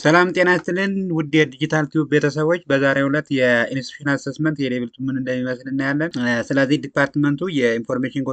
ሰላም ጤና ይስጥልን ውድ የዲጂታል ቲዩብ ቤተሰቦች፣ በዛሬው ዕለት የኢንስቲትዩሽናል አሰስመንት የሌቭል ቱ ምን እንደሚመስል እናያለን። ስለዚህ ዲፓርትመንቱ የኢንፎርሜሽን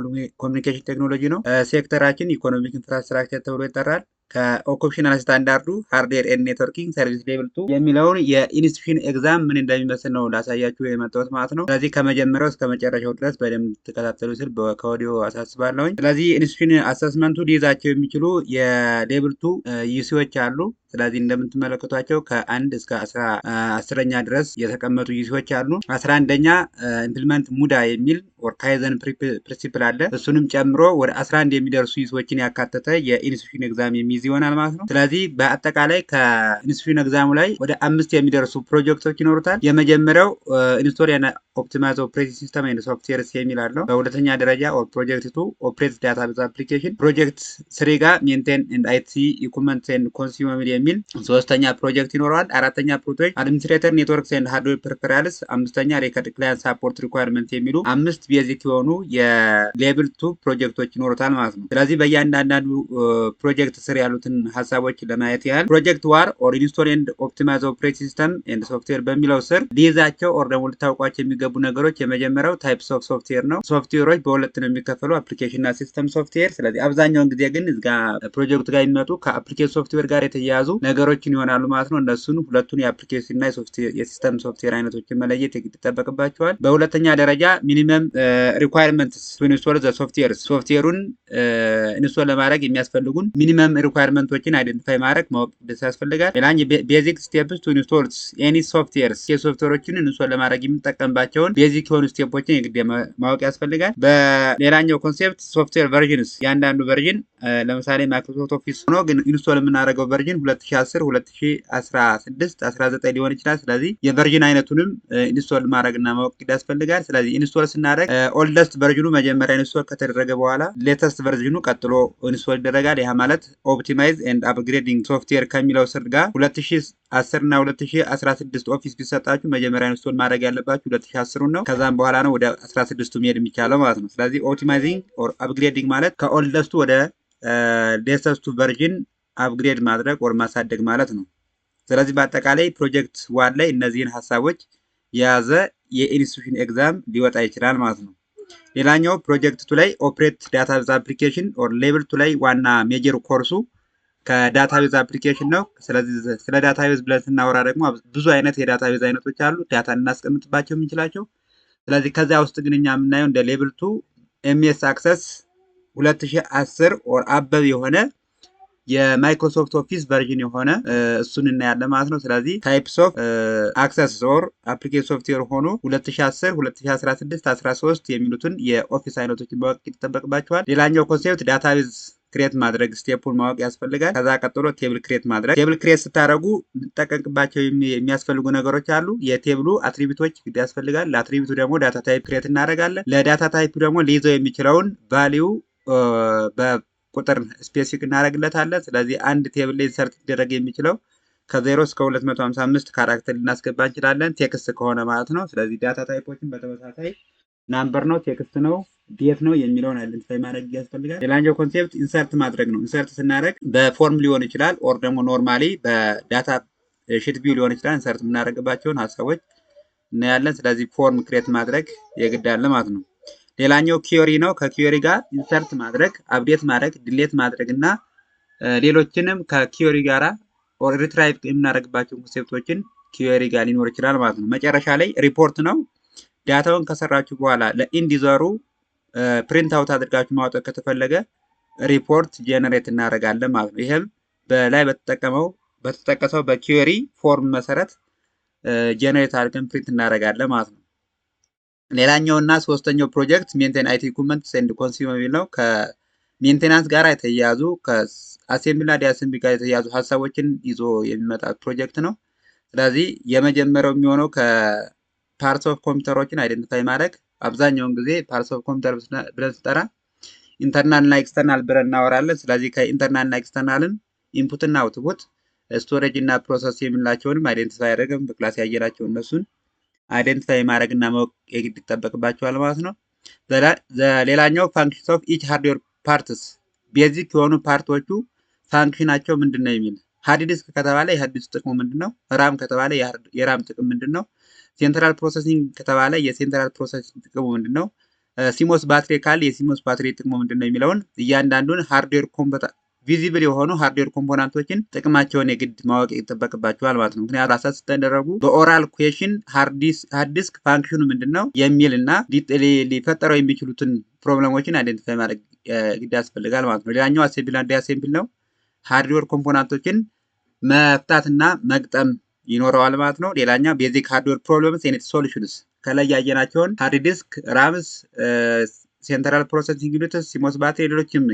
ኮሚኒኬሽን ቴክኖሎጂ ነው። ሴክተራችን ኢኮኖሚክ ኢንፍራስትራክቸር ተብሎ ይጠራል። ከኦኩፔሽናል ስታንዳርዱ ሃርድዌር ኤንድ ኔትወርኪንግ ሰርቪስ ሌቭል ቱ የሚለውን የኢንስቲትዩሽን ኤግዛም ምን እንደሚመስል ነው ላሳያችሁ የመጣሁት ማለት ነው። ስለዚህ ከመጀመሪያው እስከ መጨረሻው ድረስ በደንብ ትከታተሉ ስል ከወዲሁ አሳስባለሁኝ። ስለዚህ ኢንስቲትዩሽን አሰስመንቱ ሊይዛቸው የሚችሉ የሌቭል ቱ uh, ዩሲዎች አሉ። ስለዚህ እንደምትመለከቷቸው ከአንድ እስከ uh, አስረኛ ድረስ የተቀመጡ ዩሲዎች አሉ። አስራ አንደኛ ኢምፕሊመንት uh, ሙዳ የሚል ኦር ካይዘን ፕሪንሲፕል አለ። እሱንም ጨምሮ ወደ አስራ አንድ የሚደርሱ ዩሲዎችን ያካተተ የኢንስቲትዩሽን ኤግዛም የሚ የሚይዝ ይሆናል ማለት ነው። ስለዚህ በአጠቃላይ ከኢንስቲቱሽን ኤግዛሙ ላይ ወደ አምስት የሚደርሱ ፕሮጀክቶች ይኖሩታል። የመጀመሪያው ኢንስቶር ኦፕቲማይዝ ኦፕሬቲንግ ሲስተም ኤንድ ሶፍትዌርስ የሚል አለው። በሁለተኛ ደረጃ ፕሮጀክት ቱ ኦፕሬት ዳታቤዝ አፕሊኬሽን ፕሮጀክት ስሪ ጋር ሜንቴን ኤንድ አይቲ ኢኩመንት ኤንድ ኮንሱመብል የሚል ሶስተኛ ፕሮጀክት ይኖረዋል። አራተኛ ፕሮጀክት አድሚኒስትሬተር ኔትወርክስ ኤንድ ሃርድዌር ፕሪፈራልስ፣ አምስተኛ ሬከርድ ክላይንት ሳፖርት ሪኳርመንት የሚሉ አምስት ቤዚክ የሆኑ የሌቭል ቱ ፕሮጀክቶች ይኖሩታል ማለት ነው። ስለዚህ በእያንዳንዳንዱ ፕሮጀክት ስር ያሉትን ሀሳቦች ለማየት ያህል ፕሮጀክት ዋር ኦር ኢንስቶል ኤንድ ኦፕቲማይዝ ኦፕሬት ሲስተም ኤንድ ሶፍትዌር በሚለው ስር ሊይዛቸው ኦር ደግሞ ልታውቋቸው የሚገቡ ነገሮች የመጀመሪያው ታይፕስ ኦፍ ሶፍትዌር ነው። ሶፍትዌሮች በሁለት ነው የሚከፈሉ አፕሊኬሽን እና ሲስተም ሶፍትዌር። ስለዚህ አብዛኛውን ጊዜ ግን እዚጋ ፕሮጀክቱ ጋር የሚመጡ ከአፕሊኬሽን ሶፍትዌር ጋር የተያያዙ ነገሮችን ይሆናሉ ማለት ነው። እነሱን ሁለቱን የአፕሊኬሽን እና የሲስተም ሶፍትዌር አይነቶችን መለየት ይጠበቅባቸዋል። በሁለተኛ ደረጃ ሚኒመም ሪኳርመንትስ ኢንስቶል ዘ ሶፍትዌርስ ሶፍትዌሩን ኢንስቶል uh, ለማድረግ የሚያስፈልጉን ሚኒመም ሪኳ ሪኳርመንቶችን አይደንቲፋይ ማድረግ ማወቅ ያስፈልጋል። ሌላኝ ቤዚክ ስቴፕስ ቱ ኢንስቶልስ ኤኒ ሶፍትዌርስ የሶፍትዌሮችን ኢንስቶል ለማድረግ የምንጠቀምባቸውን ቤዚክ የሆኑ ስቴፖችን የግድ ማወቅ ያስፈልጋል። በሌላኛው ኮንሴፕት ሶፍትዌር ቨርዥንስ የአንዳንዱ ቨርዥን ለምሳሌ ማይክሮሶፍት ኦፊስ ሆኖ ግን ኢንስቶል የምናደርገው ቨርዥን 2010፣ 2016፣ 19 ሊሆን ይችላል። ስለዚህ የቨርዥን አይነቱንም ኢንስቶል ማድረግና ማወቅ ያስፈልጋል። ስለዚህ ኢንስቶል ስናደርግ ኦልደስት ቨርዥኑ መጀመሪያ ኢንስቶል ከተደረገ በኋላ ሌተስት ቨርዥኑ ቀጥሎ ኢንስቶል ይደረጋል። ያ ማለት ኦፕቲማይዝ ኤንድ አፕግሬዲንግ ሶፍትዌር ከሚለው ስር ጋር 2010 እና 2016 ኦፊስ ቢሰጣችሁ መጀመሪያ ኢንስቶል ማድረግ ያለባችሁ 2010 ነው። ከዛም በኋላ ነው ወደ 16ቱ መሄድ የሚቻለው ማለት ነው። ስለዚህ ኦፕቲማይዚንግ ኦር አፕግሬዲንግ ማለት ከኦልደስቱ ወደ ሌተስቱ ቨርዥን አፕግሬድ ማድረግ ወር ማሳደግ ማለት ነው። ስለዚህ በአጠቃላይ ፕሮጀክት ዋን ላይ እነዚህን ሀሳቦች የያዘ የኢንስቲትዩሽን ኤግዛም ሊወጣ ይችላል ማለት ነው። ሌላኛው ፕሮጀክት ቱ ላይ ኦፕሬት ዳታቤዝ አፕሊኬሽን ኦር ሌቭል ቱ ላይ ዋና ሜጀር ኮርሱ ከዳታቤዝ አፕሊኬሽን ነው። ስለዚህ ስለ ዳታቤዝ ብለን ስናወራ ደግሞ ብዙ አይነት የዳታቤዝ አይነቶች አሉ፣ ዳታ ልናስቀምጥባቸው የምንችላቸው። ስለዚህ ከዚያ ውስጥ ግን እኛ የምናየው እንደ ሌቭል ቱ ኤምኤስ አክሰስ 2010 ኦር አበብ የሆነ የማይክሮሶፍት ኦፊስ ቨርዥን የሆነ እሱን እናያለን ማለት ነው። ስለዚህ ታይፕስ ኦፍ አክሰስ ኦር አፕሊኬሽን ሶፍትዌር ሆኑ 2010፣ 2016፣ 13 የሚሉትን የኦፊስ አይነቶችን ማወቅ ይጠበቅባቸዋል። ሌላኛው ኮንሴፕት ዳታቤዝ ክሬት ማድረግ ስቴፑን ማወቅ ያስፈልጋል። ከዛ ቀጥሎ ቴብል ክሬት ማድረግ። ቴብል ክሬት ስታደረጉ ልጠቀቅባቸው የሚያስፈልጉ ነገሮች አሉ። የቴብሉ አትሪቢቶች ያስፈልጋል። ለአትሪቢቱ ደግሞ ዳታ ታይፕ ክሬት እናደረጋለን። ለዳታ ታይፕ ደግሞ ሊይዘው የሚችለውን ቫሊዩ በቁጥር ስፔሲፊክ እናደርግለታለን። ስለዚህ አንድ ቴብል ላይ ኢንሰርት ሊደረግ የሚችለው ከዜሮ እስከ 255 ካራክተር ልናስገባ እንችላለን፣ ቴክስት ከሆነ ማለት ነው። ስለዚህ ዳታ ታይፖችን በተመሳሳይ ናምበር ነው፣ ቴክስት ነው፣ ዴት ነው የሚለውን አይደንቲፋይ ማድረግ ያስፈልጋል። ሌላኛው ኮንሴፕት ኢንሰርት ማድረግ ነው። ኢንሰርት ስናደረግ በፎርም ሊሆን ይችላል፣ ኦር ደግሞ ኖርማሊ በዳታ ሽት ቪው ሊሆን ይችላል። ኢንሰርት የምናደርግባቸውን ሀሳቦች እናያለን። ስለዚህ ፎርም ክሬት ማድረግ የግድ አለ ማለት ነው። ሌላኛው ኪዮሪ ነው። ከኪዮሪ ጋር ኢንሰርት ማድረግ፣ አፕዴት ማድረግ፣ ድሌት ማድረግ እና ሌሎችንም ከኪዮሪ ኦር ሪትራይቭ የምናደርግባቸው ኮንሴፕቶችን ኪዮሪ ጋር ሊኖር ይችላል ማለት ነው። መጨረሻ ላይ ሪፖርት ነው። ዳታውን ከሰራችሁ በኋላ ለኢንዲዘሩ ፕሪንት አውት አድርጋችሁ ማውጣት ከተፈለገ ሪፖርት ጄኔሬት እናደርጋለን ማለት ነው። ይህም በላይ በተጠቀመው በተጠቀሰው በኪዮሪ ፎርም መሰረት ጀነሬት አድርገን ፕሪንት እናደርጋለን ማለት ነው። ሌላኛው እና ሶስተኛው ፕሮጀክት ሜንቴን አይቲ ኢኩፕመንት ሴንድ ኮንሱመር የሚል ነው። ከሜንቴናንስ ጋር የተያያዙ ከአሴምብሊ ዲአሴምብሊ ጋር የተያያዙ ሀሳቦችን ይዞ የሚመጣ ፕሮጀክት ነው። ስለዚህ የመጀመሪያው የሚሆነው ከፓርትስ ኦፍ ኮምፒውተሮችን አይደንቲፋይ ማድረግ። አብዛኛውን ጊዜ ፓርትስ ኦፍ ኮምፒውተር ብለን ስጠራ ኢንተርናል እና ኤክስተርናል ብለን እናወራለን። ስለዚህ ከኢንተርናል እና ኤክስተርናልን ኢንፑት እና አውትፑት ስቶሬጅ እና ፕሮሰስ የምንላቸውንም አይደንቲፋይ ያደረገም በክላስ ያየናቸው እነሱን አይደንቲፋይ ማድረግና ማወቅ የግድ ይጠበቅባቸዋል ማለት ነው። ሌላኛው ፋንክሽን ኦፍ ኢች ሃርድዌር ፓርትስ ቤዚክ የሆኑ ፓርቶቹ ፋንክሽናቸው ምንድን ነው የሚል ሃርድ ዲስክ ከተባለ የሃርድ ዲስክ ጥቅሙ ምንድን ነው? ራም ከተባለ የራም ጥቅም ምንድን ነው? ሴንትራል ፕሮሰሲንግ ከተባለ የሴንትራል ፕሮሰሲንግ ጥቅሙ ምንድን ነው? ሲሞስ ባትሪ ካለ የሲሞስ ባትሪ ጥቅሙ ምንድን ነው የሚለውን እያንዳንዱን ሃርድዌር ቪዚብል የሆኑ ሃርድዌር ኮምፖናንቶችን ጥቅማቸውን የግድ ማወቅ ይጠበቅባቸዋል ማለት ነው። ምክንያቱ ራሳት ስተደረጉ በኦራል ኩዌሽን ሃርዲስክ ፋንክሽኑ ምንድን ነው የሚል እና ሊፈጠረው የሚችሉትን ፕሮብለሞችን አይደንቲፋይ ማድረግ ግድ ያስፈልጋል ማለት ነው። ሌላኛው አሴምብል አንድ አሴምብል ነው። ሃርድዌር ኮምፖናንቶችን መፍታትና መግጠም ይኖረዋል ማለት ነው። ሌላኛው ቤዚክ ሃርድዌር ፕሮብለምስ ኤንድ ሶሉሽንስ ከላይ ያየናቸውን ሃርድ ዲስክ፣ ራምስ፣ ሴንትራል ፕሮሰሲንግ ዩኒትስ፣ ሲሞስ ባትሪ፣ ሌሎችም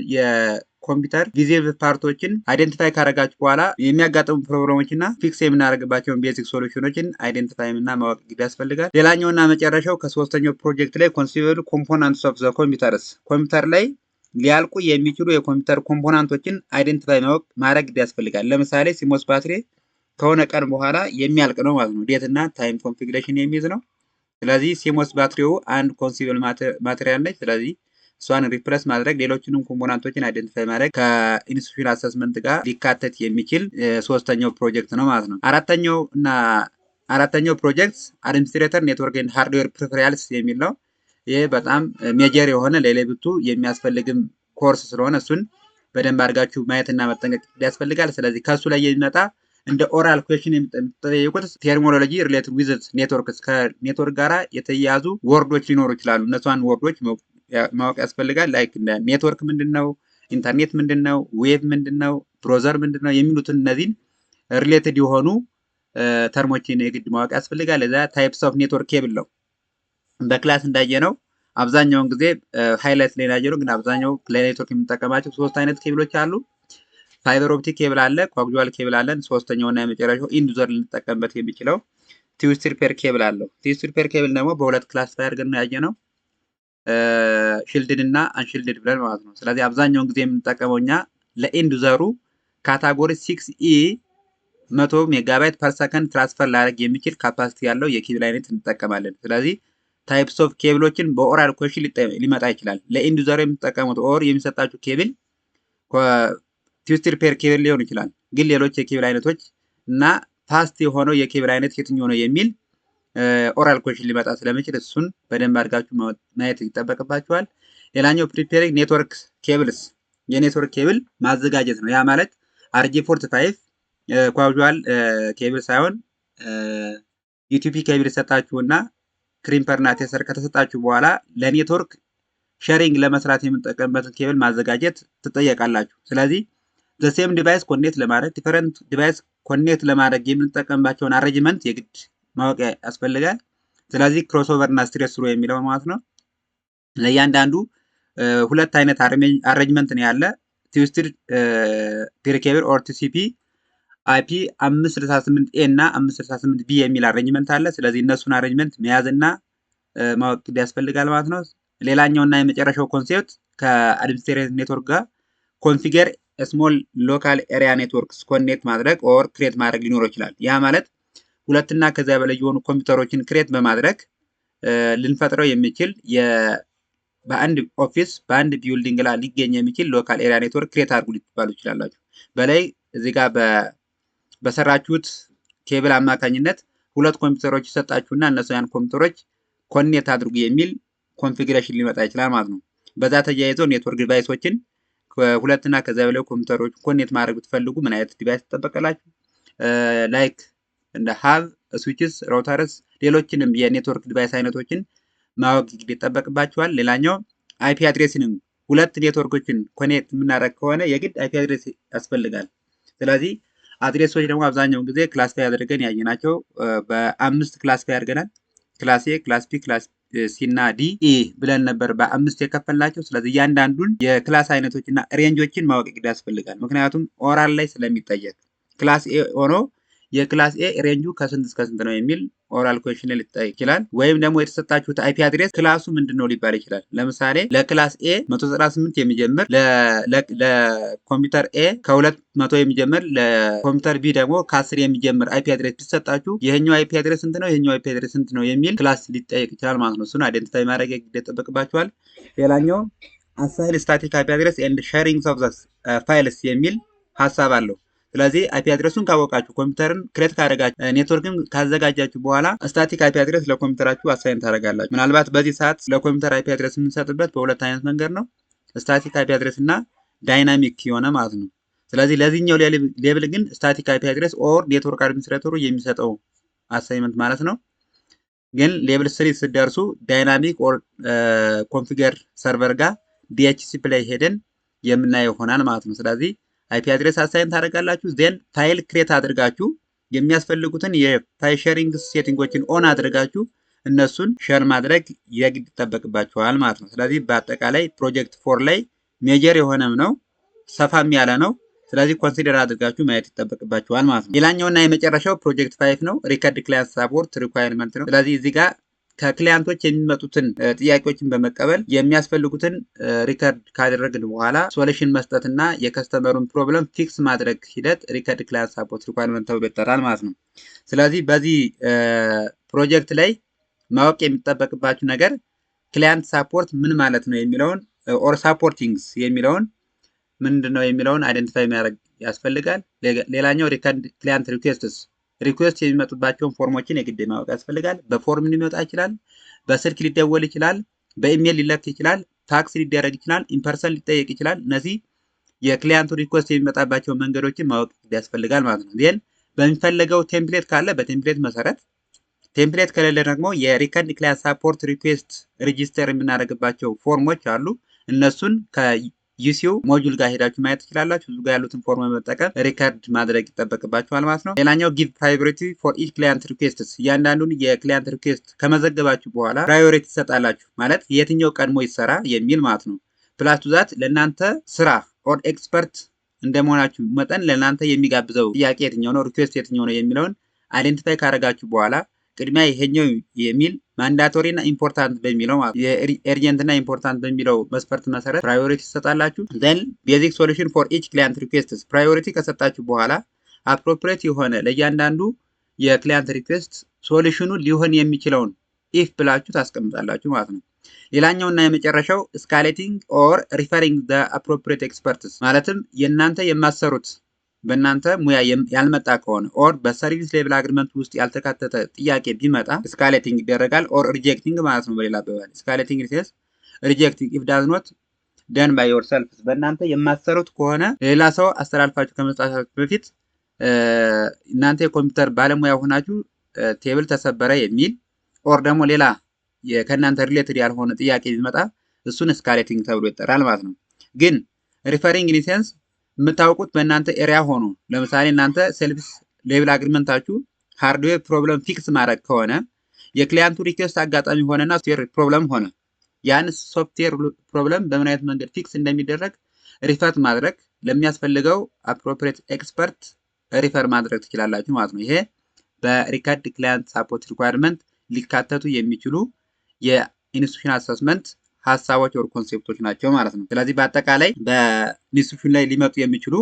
ኮምፒውተር ጊዜቭ ፓርቶችን አይደንቲፋይ ካረጋችሁ በኋላ የሚያጋጥሙ ፕሮግራሞችና ፊክስ የምናደርግባቸውን ቤዚክ ሶሉሽኖችን አይደንቲፋይ እና ማወቅ ያስፈልጋል። ሌላኛውና መጨረሻው ከሶስተኛው ፕሮጀክት ላይ ኮንሲቨር ኮምፖናንትስ ኦፍ ዘ ኮምፒውተርስ ኮምፒውተር ላይ ሊያልቁ የሚችሉ የኮምፒውተር ኮምፖናንቶችን አይደንቲፋይ ማወቅ ማድረግ ያስፈልጋል። ለምሳሌ ሲሞስ ባትሪ ከሆነ ቀን በኋላ የሚያልቅ ነው ማለት ነው። ዴትና ታይም ኮንፊግሬሽን የሚይዝ ነው። ስለዚህ ሲሞስ ባትሪው አንድ ኮንሲቨል ማቴሪያል ነች። ስለዚህ እሷን ሪፕረስ ማድረግ ሌሎችንም ኮምፖናንቶችን አይደንቲፋይ ማድረግ ከኢንስቲቱሽን አሰስመንት ጋር ሊካተት የሚችል ሶስተኛው ፕሮጀክት ነው ማለት ነው። አራተኛው እና አራተኛው ፕሮጀክት አድሚኒስትሬተር ኔትወርክ ኤንድ ሃርድዌር ፕሪፈሪያልስ የሚል ነው። ይህ በጣም ሜጀር የሆነ ለሌብቱ የሚያስፈልግም ኮርስ ስለሆነ እሱን በደንብ አድርጋችሁ ማየትና መጠንቀቅ ያስፈልጋል። ስለዚህ ከእሱ ላይ የሚመጣ እንደ ኦራል ኩዌሽን የምትጠየቁት ቴርሚኖሎጂ ሪሌትድ ዊዝ ኔትወርክስ ከኔትወርክ ጋራ የተያያዙ ወርዶች ሊኖሩ ይችላሉ። እነሷን ወርዶች ማወቅ ያስፈልጋል። ላይክ እንደ ኔትወርክ ምንድን ነው፣ ኢንተርኔት ምንድን ነው፣ ዌቭ ምንድን ነው፣ ብሮዘር ምንድን ነው የሚሉትን እነዚህን ሪሌትድ የሆኑ ተርሞችን የግድ ማወቅ ያስፈልጋል። እዛ ታይፕስ ኦፍ ኔትወርክ ኬብል ነው በክላስ እንዳየ ነው። አብዛኛውን ጊዜ ሃይላይት ላይ እንዳየ ነው። ግን አብዛኛው ለኔትወርክ የምንጠቀማቸው ሶስት አይነት ኬብሎች አሉ። ፋይበር ኦፕቲክ ኬብል አለ፣ ኳግጁዋል ኬብል አለን። ሶስተኛው እና የመጨረሻው ኢንዱዘር ልንጠቀምበት የሚችለው ቲዩስትሪፔር ኬብል አለው። ቲዩስትሪፔር ኬብል ደግሞ በሁለት ክላስ ላይ አድርገን ነው ያየ ነው። ሽልድን እና አንሽልድድ ብለን ማለት ነው። ስለዚህ አብዛኛውን ጊዜ የምንጠቀመው እኛ ለኤንድ ካታጎሪ ሲክስ ኢ መቶ ሜጋባይት ፐር ሰከንድ ትራንስፈር ላደርግ የሚችል ካፓሲቲ ያለው የኬብል አይነት እንጠቀማለን። ስለዚህ ታይፕስ ኦፍ ኬብሎችን በኦራል ኮሽን ሊመጣ ይችላል። ለኢንድ ዘሩ የምትጠቀሙት ኦር የሚሰጣችሁ ኬብል ትዊስትድ ፔር ኬብል ሊሆን ይችላል። ግን ሌሎች የኬብል አይነቶች እና ፋስት የሆነው የኬብል አይነት የትኛው ነው የሚል ኦራል ኮሽን ሊመጣ ስለሚችል እሱን በደንብ አድርጋችሁ ማየት ይጠበቅባችኋል። ሌላኛው ፕሪፔሪንግ ኔትወርክ ኬብልስ የኔትወርክ ኬብል ማዘጋጀት ነው። ያ ማለት አርጂ ፎርት ፋይቭ ኳዥዋል ኬብል ሳይሆን ዩቲፒ ኬብል ሰጣችሁና ክሪምፐርና ቴሰር ከተሰጣችሁ በኋላ ለኔትወርክ ሼሪንግ ለመስራት የምንጠቀምበትን ኬብል ማዘጋጀት ትጠየቃላችሁ። ስለዚህ ዘሴም ዲቫይስ ኮኔክት ለማድረግ ዲፈረንት ዲቫይስ ኮኔክት ለማድረግ የምንጠቀምባቸውን አሬንጅመንት የግድ ማወቅ ያስፈልጋል። ስለዚህ ክሮስኦቨር እና ስትሬስ ሩ የሚለው ማለት ነው። ለእያንዳንዱ ሁለት አይነት አረንጅመንት ነው ያለ ትዊስትድ ፒሪኬብል ኦር ቲሲፒ አይፒ 568 ኤ እና 568 ቢ የሚል አረንጅመንት አለ። ስለዚህ እነሱን አረንጅመንት መያዝ ማወቅ ያስፈልጋል ማለት ነው። ሌላኛው እና የመጨረሻው ኮንሴፕት ከአድሚኒስትሬት ኔትወርክ ጋር ኮንፊገር ስሞል ሎካል ኤሪያ ኔትወርክስ ኮኔክት ማድረግ ኦር ክሬት ማድረግ ሊኖረው ይችላል። ያ ማለት ሁለትና ከዚያ በላይ የሆኑ ኮምፒውተሮችን ክሬት በማድረግ ልንፈጥረው የሚችል በአንድ ኦፊስ በአንድ ቢውልዲንግ ላይ ሊገኝ የሚችል ሎካል ኤሪያ ኔትወርክ ክሬት አድርጉ ልትባሉ ይችላላችሁ። በላይ እዚህ ጋር በሰራችሁት ኬብል አማካኝነት ሁለት ኮምፒውተሮች ይሰጣችሁና እነሱ ያን ኮምፒውተሮች ኮኔት አድርጉ የሚል ኮንፊግሬሽን ሊመጣ ይችላል ማለት ነው። በዛ ተያይዞ ኔትወርክ ዲቫይሶችን ሁለትና ከዚያ በላይ ኮምፒውተሮች ኮኔት ማድረግ ብትፈልጉ ምን አይነት ዲቫይስ ትጠበቀላችሁ? ላይክ እንደ ሀብ ስዊችስ፣ ራውተርስ ሌሎችንም የኔትወርክ ዲቫይስ አይነቶችን ማወቅ ይጠበቅባቸዋል። ሌላኛው አይፒ አድሬሲንግ ሁለት ኔትወርኮችን ኮኔክት የምናደርግ ከሆነ የግድ አይፒ አድሬስ ያስፈልጋል። ስለዚህ አድሬሶች ደግሞ አብዛኛውን ጊዜ ፋይ አድርገን ናቸው። በአምስት ፋይ አድርገናል። ክላስ ኤ፣ ክላስ ቢ፣ ክላስ ሲ እና ዲ ኢ ብለን ነበር በአምስት የከፈልናቸው። ስለዚህ እያንዳንዱን የክላስ አይነቶች እና ሬንጆችን ማወቅ ግድ ያስፈልጋል። ምክንያቱም ኦራል ላይ ስለሚጠየቅ ክላስ ኤ ሆኖ የክላስ ኤ ሬንጁ ከስንት እስከ ስንት ነው የሚል ኦራል ኮሽን ሊጠይቅ ይችላል። ወይም ደግሞ የተሰጣችሁት አይፒ አድሬስ ክላሱ ምንድን ነው ሊባል ይችላል። ለምሳሌ ለክላስ ኤ 198 የሚጀምር ለኮምፒውተር ኤ ከ200 የሚጀምር ለኮምፒውተር ቢ ደግሞ ከ10 የሚጀምር አይፒ አድሬስ ቢሰጣችሁ ይህኛው አይፒ አድሬስ ስንት ነው ይህኛው አይፒ አድሬስ ስንት ነው የሚል ክላስ ሊጠየቅ ይችላል ማለት ነው። እሱን አይደንቲታዊ ማድረግ የግድ ይጠበቅባችኋል። ሌላኛው አሳይን ስታቲክ አይፒ አድሬስ ኤንድ ሼሪንግ ኦፍ ፋይልስ የሚል ሀሳብ አለው። ስለዚህ አይፒ አድረሱን ካወቃችሁ ኮምፒውተርን ክሬት ካደረጋችሁ ኔትወርክን ካዘጋጃችሁ በኋላ ስታቲክ አይፒ አድረስ ለኮምፒውተራችሁ አሳይን ታደርጋላችሁ። ምናልባት በዚህ ሰዓት ለኮምፒውተር አይፒ አድረስ የምንሰጥበት በሁለት አይነት መንገድ ነው፣ ስታቲክ አይፒ አድረስ እና ዳይናሚክ የሆነ ማለት ነው። ስለዚህ ለዚህኛው ሌብል ግን ስታቲክ አይፒ አድረስ ኦር ኔትወርክ አድሚኒስትሬተሩ የሚሰጠው አሳይመንት ማለት ነው። ግን ሌብል ስሪ ስደርሱ ዳይናሚክ ኦር ኮንፊገር ሰርቨር ጋር ዲኤችሲፒ ላይ ሄደን የምናየው ይሆናል ማለት ነው። ስለዚህ አይፒ አድሬስ አሳይን ታደርጋላችሁ። ዜን ፋይል ክሬት አድርጋችሁ የሚያስፈልጉትን የፋይል ሼሪንግ ሴቲንጎችን ኦን አድርጋችሁ እነሱን ሸር ማድረግ የግድ ይጠበቅባችኋል ማለት ነው። ስለዚህ በአጠቃላይ ፕሮጀክት ፎር ላይ ሜጀር የሆነም ነው ሰፋም ያለ ነው። ስለዚህ ኮንሲደር አድርጋችሁ ማየት ይጠበቅባችኋል ማለት ነው። ሌላኛውና የመጨረሻው ፕሮጀክት ፋይፍ ነው። ሪከርድ ክላስ ሳፖርት ሪኳየርመንት ነው። ስለዚህ እዚህ ጋር ከክሊያንቶች የሚመጡትን ጥያቄዎችን በመቀበል የሚያስፈልጉትን ሪከርድ ካደረግን በኋላ ሶሉሽን መስጠትና የከስተመሩን ፕሮብለም ፊክስ ማድረግ ሂደት ሪከርድ ክላይንት ሳፖርት ሪኳርመንት ተብሎ ይጠራል ማለት ነው። ስለዚህ በዚህ ፕሮጀክት ላይ ማወቅ የሚጠበቅባችሁ ነገር ክሊያንት ሳፖርት ምን ማለት ነው የሚለውን ኦር ሳፖርቲንግስ የሚለውን ምንድን ነው የሚለውን አይደንቲፋይ የሚያደርግ ያስፈልጋል። ሌላኛው ክሊያንት ሪኩዌስትስ ሪኩዌስት የሚመጡባቸውን ፎርሞችን የግድ ማወቅ ያስፈልጋል። በፎርም ሊመጣ ይችላል፣ በስልክ ሊደወል ይችላል፣ በኢሜል ሊለክ ይችላል፣ ታክስ ሊደረግ ይችላል፣ ኢንፐርሰን ሊጠየቅ ይችላል። እነዚህ የክሊያንቱ ሪኩዌስት የሚመጣባቸውን መንገዶችን ማወቅ ያስፈልጋል ማለት ነው። ዜን በሚፈለገው ቴምፕሌት ካለ በቴምፕሌት መሰረት ቴምፕሌት ከሌለ ደግሞ የሪከርድ ክሊያንት ሳፖርት ሪኩዌስት ሬጂስተር የምናደርግባቸው ፎርሞች አሉ። እነሱን ዩሲዩ ሞጁል ጋር ሄዳችሁ ማየት ትችላላችሁ። እዚ ጋር ያሉትን ፎርም በመጠቀም ሪከርድ ማድረግ ይጠበቅባችኋል ማለት ነው። ሌላኛው ጊቭ ፕራዮሪቲ ፎር ኢች ክላይንት ሪኩዌስትስ፣ እያንዳንዱን የክላይንት ሪኩዌስት ከመዘገባችሁ በኋላ ፕራዮሪቲ ትሰጣላችሁ ማለት የትኛው ቀድሞ ይሰራ የሚል ማለት ነው። ፕላስ ቱ ዛት ለእናንተ ስራ ኦር ኤክስፐርት እንደመሆናችሁ መጠን ለእናንተ የሚጋብዘው ጥያቄ የትኛው ነው፣ ሪኩዌስት የትኛው ነው የሚለውን አይደንቲፋይ ካደረጋችሁ በኋላ ቅድሚያ ይሄኛው የሚል ማንዳቶሪ እና ኢምፖርታንት በሚለው የኤርጀንት እና ኢምፖርታንት በሚለው መስፈርት መሰረት ፕራዮሪቲ ትሰጣላችሁ። ዘን ቤዚክ ሶሉሽን ፎር ኢች ክሊያንት ሪኩዌስትስ ፕራዮሪቲ ከሰጣችሁ በኋላ አፕሮፕሬት የሆነ ለእያንዳንዱ የክሊያንት ሪኩዌስት ሶሉሽኑ ሊሆን የሚችለውን ኢፍ ብላችሁ ታስቀምጣላችሁ ማለት ነው። ሌላኛው እና የመጨረሻው ስካሌቲንግ ኦር ሪፈሪንግ ዘ አፕሮፕሬት ኤክስፐርትስ ማለትም የእናንተ የማሰሩት በእናንተ ሙያ ያልመጣ ከሆነ ኦር በሰርቪስ ሌቭል አግሪመንት ውስጥ ያልተካተተ ጥያቄ ቢመጣ ስካሌቲንግ ይደረጋል ኦር ሪጀክቲንግ ማለት ነው። በሌላ አባባል ስካሌቲንግ ሴስ ሪጀክቲንግ ኢፍ ዳዝ ኖት ደን ባይ ዮር ሰልፍ በእናንተ የማሰሩት ከሆነ ሌላ ሰው አስተላልፋችሁ ከመስጣታችሁ በፊት እናንተ የኮምፒውተር ባለሙያ ሆናችሁ ቴብል ተሰበረ የሚል ኦር ደግሞ ሌላ ከእናንተ ሪሌትድ ያልሆነ ጥያቄ ቢመጣ እሱን ስካሌቲንግ ተብሎ ይጠራል ማለት ነው። ግን ሪፈሪንግ ኢን ሴንስ የምታውቁት በእናንተ ኤሪያ ሆኖ ለምሳሌ እናንተ ሰርቪስ ሌብል አግሪመንታችሁ ሃርድዌር ፕሮብለም ፊክስ ማድረግ ከሆነ የክሊያንቱ ሪኩዌስት አጋጣሚ ሆነና ሶፍትዌር ፕሮብለም ሆነ ያን ሶፍትዌር ፕሮብለም በምን አይነት መንገድ ፊክስ እንደሚደረግ ሪፈር ማድረግ ለሚያስፈልገው አፕሮፕሬት ኤክስፐርት ሪፈር ማድረግ ትችላላችሁ ማለት ነው። ይሄ በሪከርድ ክሊያንት ሳፖርት ሪኳርመንት ሊካተቱ የሚችሉ የኢንስቲቱሽን አሰስመንት ሀሳቦች ወር ኮንሴፕቶች ናቸው ማለት ነው። ስለዚህ በአጠቃላይ በዲስክሪፕሽን ላይ ሊመጡ የሚችሉ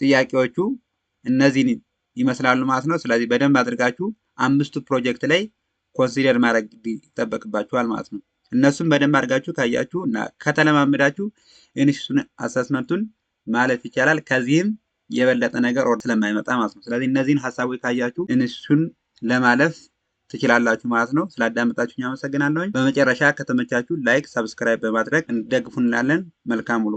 ጥያቄዎቹ እነዚህን ይመስላሉ ማለት ነው። ስለዚህ በደንብ አድርጋችሁ አምስቱ ፕሮጀክት ላይ ኮንሲደር ማድረግ ይጠበቅባችኋል ማለት ነው። እነሱም በደንብ አድርጋችሁ ካያችሁ እና ከተለማመዳችሁ ኢንስቲቱሽን አሰስመንቱን ማለፍ ይቻላል። ከዚህም የበለጠ ነገር ወር ስለማይመጣ ማለት ነው። ስለዚህ እነዚህን ሀሳቦች ካያችሁ ኢንስቲቱሽን ለማለፍ ትችላላችሁ ማለት ነው። ስላዳመጣችሁኝ አመሰግናለሁኝ። በመጨረሻ ከተመቻችሁ ላይክ፣ ሰብስክራይብ በማድረግ እንደግፉን እንላለን። መልካም ውሎ